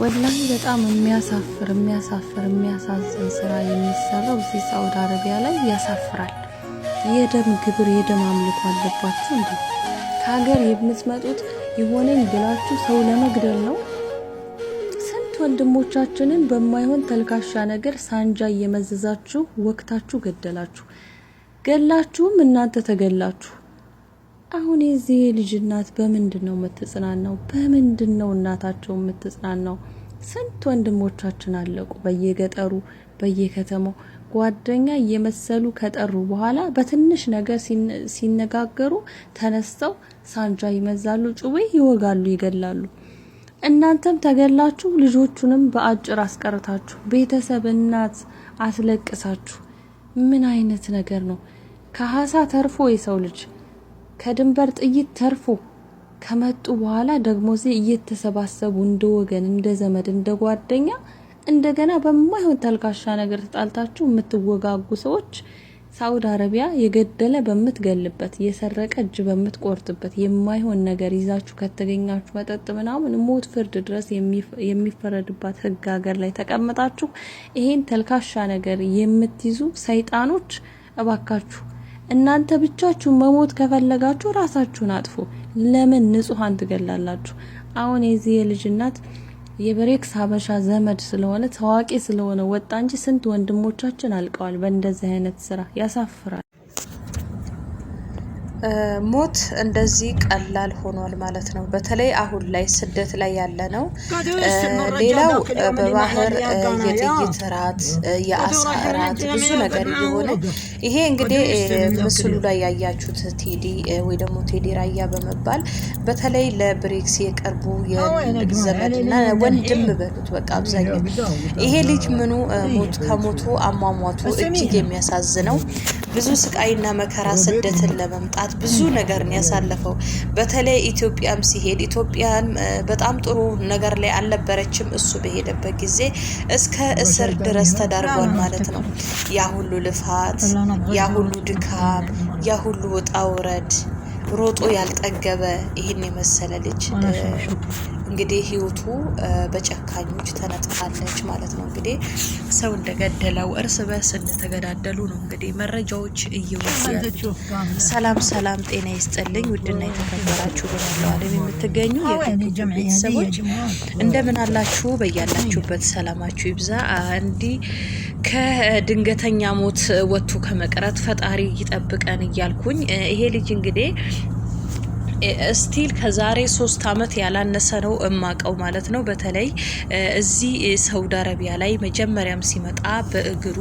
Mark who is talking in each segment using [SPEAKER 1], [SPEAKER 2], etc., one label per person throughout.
[SPEAKER 1] ወላሂ በጣም የሚያሳፍር የሚያሳፍር የሚያሳዝን ስራ የሚሰራው እዚህ ሳውዲ አረቢያ ላይ ያሳፍራል። የደም ግብር የደም አምልኮ አለባችሁ እንዴ? ከሀገር የምትመጡት የሆነኝ ብላችሁ ሰው ለመግደል ነው። ስንት ወንድሞቻችንን በማይሆን ተልካሻ ነገር ሳንጃ እየመዘዛችሁ ወቅታችሁ ገደላችሁ። ገላችሁም እናንተ ተገላችሁ። አሁን የዚህ ልጅ እናት በምንድን ነው የምትጽናናው? በምንድን ነው እናታቸው የምትጽናናው? ስንት ወንድሞቻችን አለቁ በየገጠሩ በየከተማው ጓደኛ እየመሰሉ ከጠሩ በኋላ በትንሽ ነገር ሲነጋገሩ ተነስተው ሳንጃ ይመዛሉ፣ ጩቤ ይወጋሉ፣ ይገላሉ። እናንተም ተገላችሁ ልጆቹንም በአጭር አስቀርታችሁ ቤተሰብ እናት አስለቅሳችሁ ምን አይነት ነገር ነው? ከሀሳ ተርፎ የሰው ልጅ ከድንበር ጥይት ተርፎ ከመጡ በኋላ ደግሞ እዚህ እየተሰባሰቡ እንደ ወገን፣ እንደ ዘመድ፣ እንደ ጓደኛ እንደገና በማይሆን ተልካሻ ነገር ተጣልታችሁ የምትወጋጉ ሰዎች ሳውዲ አረቢያ የገደለ በምትገልበት የሰረቀ እጅ በምትቆርጥበት የማይሆን ነገር ይዛችሁ ከተገኛችሁ መጠጥ ምናምን ሞት ፍርድ ድረስ የሚፈረድባት ሕግ ሀገር ላይ ተቀምጣችሁ ይሄን ተልካሻ ነገር የምትይዙ ሰይጣኖች እባካችሁ እናንተ ብቻችሁን መሞት ከፈለጋችሁ ራሳችሁን አጥፉ። ለምን ንጹሐን ትገላላችሁ? አሁን የዚህ የልጅ እናት የብሬክስ ሀበሻ ዘመድ ስለሆነ ታዋቂ ስለሆነ ወጣ እንጂ ስንት ወንድሞቻችን አልቀዋል በእንደዚህ አይነት ስራ። ያሳፍራል።
[SPEAKER 2] ሞት እንደዚህ ቀላል ሆኗል ማለት ነው። በተለይ አሁን ላይ ስደት ላይ ያለ ነው። ሌላው በባህር የጥይት እራት፣ የአሳ እራት ብዙ ነገር እየሆነ ይሄ እንግዲህ ምስሉ ላይ ያያችሁት ቴዲ ወይ ደግሞ ቴዲ ራያ በመባል በተለይ ለብሬክስ የቀርቡ ዘመድ እና ወንድም በሉት በቃ አብዛኛው ይሄ ልጅ ምኑ ሞት ከሞቱ አሟሟቱ እጅግ የሚያሳዝነው ብዙ ስቃይና መከራ ስደትን ለመምጣት ብዙ ነገርን ያሳለፈው በተለይ ኢትዮጵያም ሲሄድ ኢትዮጵያን በጣም ጥሩ ነገር ላይ አልነበረችም። እሱ በሄደበት ጊዜ እስከ እስር ድረስ ተዳርጓል ማለት ነው። ያ ሁሉ ልፋት፣ ያ ሁሉ ድካም፣ ያ ሁሉ ውጣ ውረድ ሮጦ ያልጠገበ ይህን የመሰለ ልጅ እንግዲህ ህይወቱ በጨካኞች ተነጥፋለች ማለት ነው። እንግዲህ ሰው እንደገደለው እርስ በርስ እንደተገዳደሉ ነው እንግዲህ መረጃዎች እየወሰ ሰላም ሰላም፣ ጤና ይስጥልኝ ውድና የተከበራችሁ በመላው ዓለም የምትገኙ ቤተሰቦች እንደምን አላችሁ? በያላችሁበት ሰላማችሁ ይብዛ። እንዲህ ከድንገተኛ ሞት ወጥቶ ከመቅረት ፈጣሪ ይጠብቀን እያልኩኝ ይሄ ልጅ እንግዲህ ስቲል ከዛሬ ሶስት አመት ያላነሰ ነው እማቀው ማለት ነው። በተለይ እዚህ ሳውዲ አረቢያ ላይ መጀመሪያም ሲመጣ በእግሩ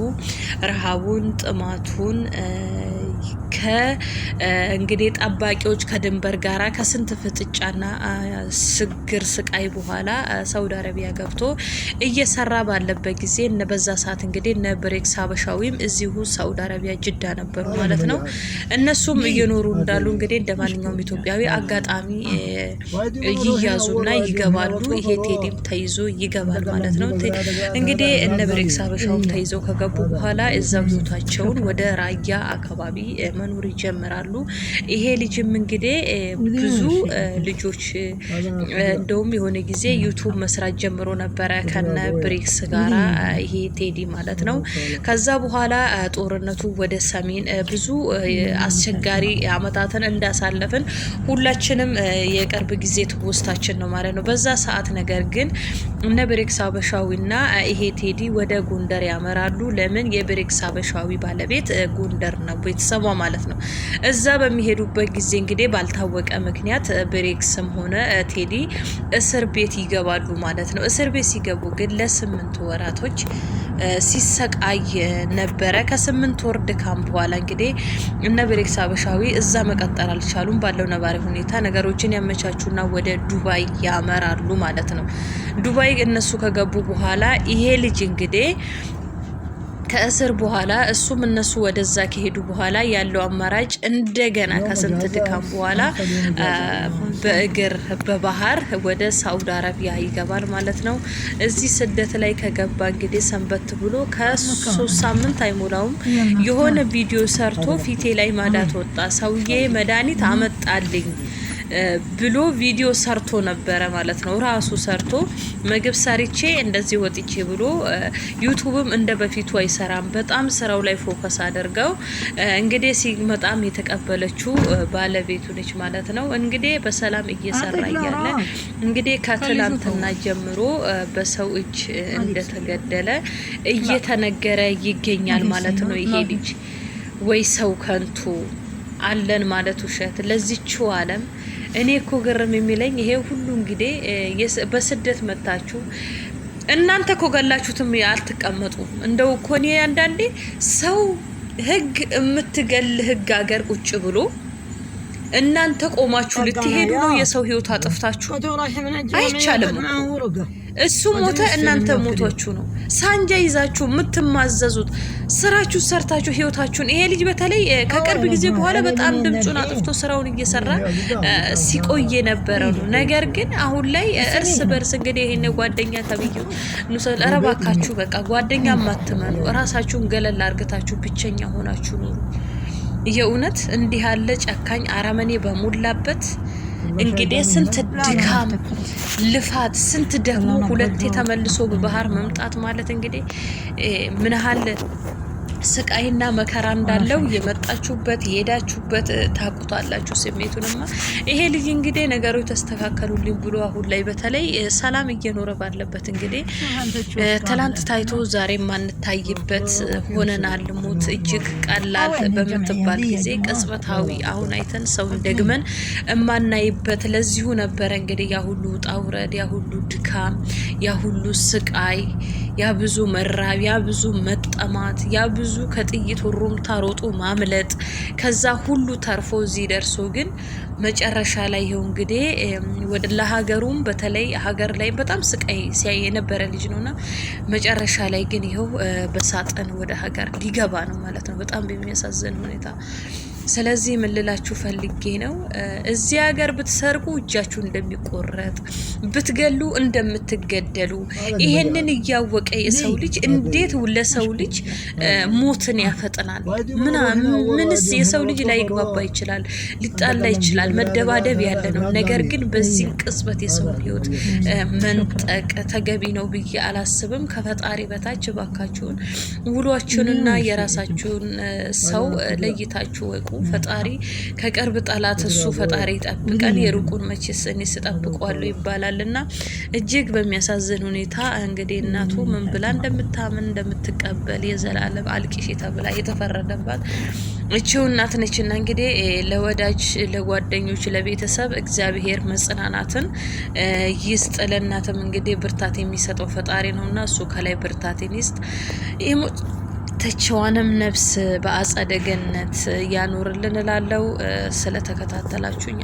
[SPEAKER 2] ረሃቡን፣ ጥማቱን ከእንግዲህ ጠባቂዎች ከድንበር ጋር ከስንት ፍጥጫና ስግር ስቃይ በኋላ ሳውዲ አረቢያ ገብቶ እየሰራ ባለበት ጊዜ በዛ ሰዓት እንግዲህ እነ ብሬክስ ሀበሻዊም እዚሁ ሳውዲ አረቢያ ጅዳ ነበሩ ማለት ነው። እነሱም እየኖሩ እንዳሉ እንግዲህ እንደ ማንኛውም ኢትዮጵያዊ አጋጣሚ ይያዙና ይገባሉ። ይሄ ቴዲም ተይዞ ይገባል ማለት ነው። እንግዲህ እነ ብሬክስ አበሻውም ተይዘው ከገቡ በኋላ እዛ ቦታቸውን ወደ ራያ አካባቢ መኖር ይጀምራሉ። ይሄ ልጅም እንግዲህ ብዙ ልጆች እንደውም የሆነ ጊዜ ዩቱብ መስራት ጀምሮ ነበረ ከነ ብሬክስ ጋራ ይሄ ቴዲ ማለት ነው። ከዛ በኋላ ጦርነቱ ወደ ሰሜን ብዙ አስቸጋሪ አመታትን እንዳሳለፍን ሁላችንም የቅርብ ጊዜ ትውስታችን ነው ማለት ነው። በዛ ሰዓት ነገር ግን እነ ብሬክስ አበሻዊና ይሄ ቴዲ ወደ ጎንደር ያመራሉ። ለምን የብሬክስ አበሻዊ ባለቤት ጎንደር ነው ቤተሰቧ ማለት ነው። እዛ በሚሄዱበት ጊዜ እንግዲህ ባልታወቀ ምክንያት ብሬክስም ሆነ ቴዲ እስር ቤት ይገባሉ ማለት ነው። እስር ቤት ሲገቡ ግን ለስምንት ወራቶች ሲሰቃይ ነበረ። ከስምንት ወር ድካም በኋላ እንግዲህ እነ ብሬክስ አበሻዊ እዛ መቀጠል አልቻሉም። ባለው ነባሪ ሁኔታ ነገሮችን ያመቻቹና ወደ ዱባይ ያመራሉ ማለት ነው። ዱባይ እነሱ ከገቡ በኋላ ይሄ ልጅ እንግዲህ ከእስር በኋላ እሱም እነሱ ወደዛ ከሄዱ በኋላ ያለው አማራጭ እንደገና ከስንት ድካም በኋላ በእግር በባህር ወደ ሳውዲ አረቢያ ይገባል ማለት ነው። እዚህ ስደት ላይ ከገባ እንግዲህ ሰንበት ብሎ ከሶስት ሳምንት አይሞላውም የሆነ ቪዲዮ ሰርቶ ፊቴ ላይ ማዳት ወጣ። ሰውዬ መድኃኒት አመጣልኝ ብሎ ቪዲዮ ሰርቶ ነበረ ማለት ነው። ራሱ ሰርቶ ምግብ ሰርቼ እንደዚህ ወጥቼ ብሎ ዩቱብም እንደ በፊቱ አይሰራም። በጣም ስራው ላይ ፎከስ አድርገው እንግዲህ ሲመጣም የተቀበለችው ባለቤቱ ነች ማለት ነው። እንግዲህ በሰላም እየሰራ እያለ እንግዲህ ከትላንትና ጀምሮ በሰው እጅ እንደተገደለ እየተነገረ ይገኛል ማለት ነው። ይሄ ልጅ ወይ ሰው ከንቱ አለን ማለት ውሸት ለዚችው አለም እኔ እኮ ግርም የሚለኝ ይሄ ሁሉ እንግዲህ በስደት መታችሁ እናንተ እኮ ገላችሁትም አልትቀመጡ እንደው እኮ እኔ አንዳንዴ ሰው ህግ የምትገል ህግ አገር ቁጭ ብሎ እናንተ ቆማችሁ ልትሄዱ ነው የሰው ህይወት አጥፍታችሁ አይቻልም። እሱ ሞተ፣ እናንተ ሞታችሁ ነው ሳንጃ ይዛችሁ የምትማዘዙት ስራችሁ ሰርታችሁ ህይወታችሁን። ይሄ ልጅ በተለይ ከቅርብ ጊዜ በኋላ በጣም ድምፁን አጥፍቶ ስራውን እየሰራ ሲቆይ ነበረ ነው። ነገር ግን አሁን ላይ እርስ በርስ እንግዲህ ይሄን ጓደኛ ተብዬው ኑሰል በቃ ጓደኛ ማትመኑ እራሳችሁን ገለል አርግታችሁ ብቸኛ ሆናችሁ ኑሩ። የእውነት እንዲህ ያለ ጨካኝ አረመኔ በሞላበት እንግዲህ ስንት ድካም ልፋት፣ ስንት ደግሞ ሁለቴ ተመልሶ በባህር መምጣት ማለት እንግዲህ ምን ያህል ስቃይና መከራ እንዳለው የመጣችሁበት የሄዳችሁበት ታቁታላችሁ። ስሜቱንማ ይሄ ልጅ እንግዲህ ነገሮች ተስተካከሉልኝ ብሎ አሁን ላይ በተለይ ሰላም እየኖረ ባለበት እንግዲህ ትላንት ታይቶ ዛሬ ማንታይበት ሆነናል። ሞት እጅግ ቀላል በምትባል ጊዜ ቅጽበታዊ አሁን አይተን ሰውን ደግመን እማናይበት ለዚሁ ነበረ እንግዲህ ያሁሉ ውጣ ውረድ፣ ያሁሉ ድካም፣ ያሁሉ ስቃይ፣ ያብዙ መራብ፣ ብዙ መጠማት፣ ብዙ ብዙ ከጥይት ሩምታ ሮጦ ማምለጥ ከዛ ሁሉ ተርፎ እዚህ ደርሶ ግን መጨረሻ ላይ ይኸው እንግዲህ ወደ ለሀገሩም በተለይ ሀገር ላይ በጣም ስቃይ ሲያይ የነበረ ልጅ ነውና መጨረሻ ላይ ግን ይኸው በሳጥን ወደ ሀገር ሊገባ ነው ማለት ነው። በጣም በሚያሳዝን ሁኔታ ስለዚህ የምልላችሁ ፈልጌ ነው እዚህ ሀገር ብትሰርቁ እጃችሁ እንደሚቆረጥ ብትገሉ እንደምትገደሉ ይሄንን እያወቀ የሰው ልጅ እንዴት ለሰው ልጅ ሞትን ያፈጥናል? ምንስ የሰው ልጅ ላይ ይግባባ ይችላል፣ ሊጣላ ይችላል፣ መደባደብ ያለ ነው። ነገር ግን በዚህ ቅጽበት የሰው ህይወት መንጠቅ ተገቢ ነው ብዬ አላስብም። ከፈጣሪ በታች እባካችሁን ውሏችሁንና የራሳችሁን ሰው ለይታችሁ ወቁ። ፈጣሪ ከቅርብ ጠላት እሱ ፈጣሪ ይጠብቀን፣ የሩቁን መቼስ እኔ ስጠብቀዋለሁ ይባላል እና እጅግ በሚያሳዝን ሁኔታ እንግዲህ እናቱ ምን ብላ እንደምታምን እንደምትቀበል የዘላለም አልቂሽ ተብላ የተፈረደባት እችው እናት ነችና እንግዲህ ለወዳጅ ለጓደኞች፣ ለቤተሰብ እግዚአብሔር መጽናናትን ይስጥ። ለእናትም እንግዲህ ብርታት የሚሰጠው ፈጣሪ እና እሱ ከላይ ብርታትን ይስጥ። የተመተችዋንም ነፍስ በአጸደ ገነት ያኑርልን እላለሁ። ስለተከታተላችሁኝ